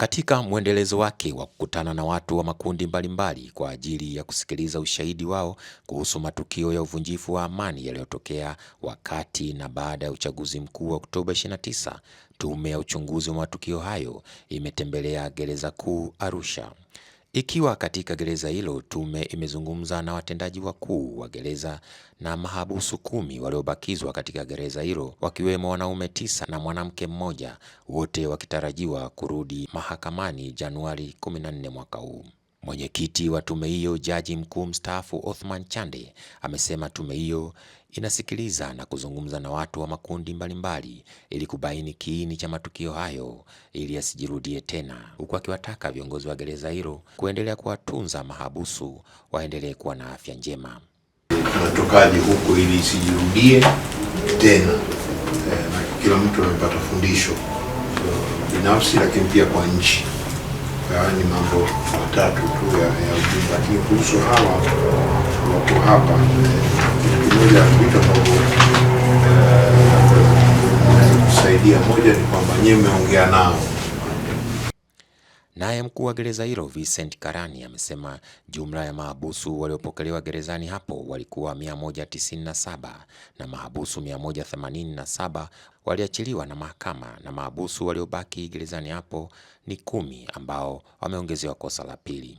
Katika mwendelezo wake wa kukutana na watu wa makundi mbalimbali kwa ajili ya kusikiliza ushahidi wao kuhusu matukio ya uvunjifu wa amani yaliyotokea wakati na baada ya uchaguzi mkuu wa Oktoba 29, tume ya uchunguzi wa matukio hayo imetembelea Gereza Kuu Arusha. Ikiwa katika gereza hilo, tume imezungumza na watendaji wakuu wa gereza na mahabusu kumi waliobakizwa katika gereza hilo, wakiwemo wanaume tisa na mwanamke mmoja, wote wakitarajiwa kurudi mahakamani Januari 14 mwaka huu. Mwenyekiti wa tume hiyo Jaji Mkuu mstaafu Othman Chande amesema tume hiyo inasikiliza na kuzungumza na watu wa makundi mbalimbali ili kubaini kiini cha matukio hayo ili yasijirudie tena, huku akiwataka viongozi wa gereza hilo kuendelea kuwatunza mahabusu waendelee kuwa na afya njema. Tunatokaje huku ili isijirudie tena eh, na kila mtu amepata fundisho binafsi, lakini pia kwa nchi yaani mambo matatu tu ya ujumbe, lakini kuhusu hawa wako hapa, kitu kimoja vitu eh, ambavyo kusaidia, moja ni kwamba nyewe mmeongea nao Naye mkuu wa gereza hilo Vincent Karani amesema jumla ya mahabusu waliopokelewa gerezani hapo walikuwa 197 na mahabusu 187 waliachiliwa na mahakama, na mahabusu waliobaki gerezani hapo ni kumi ambao wameongezewa kosa la pili.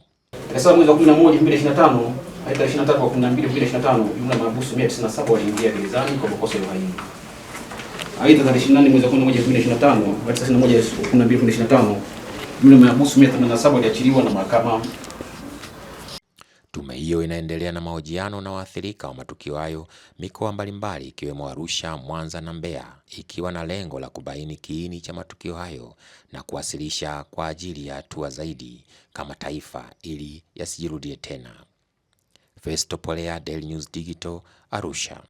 Sawa mwezi wa 11 2025 hadi 23 wa 12 2025, jumla ya mahabusu 197 waliingia gerezani kwa makosa ya uhaini. Aidha, tarehe 28 mwezi wa 11 2025 hadi 31 12 2025 yule 187 aliachiliwa na mahakama. Tume hiyo inaendelea na mahojiano na waathirika wa matukio hayo mikoa mbalimbali ikiwemo Arusha, Mwanza na Mbeya, ikiwa na lengo la kubaini kiini cha matukio hayo na kuwasilisha kwa ajili ya hatua zaidi kama taifa ili yasijirudie tena. Festo Polea, Daily News Digital, Arusha.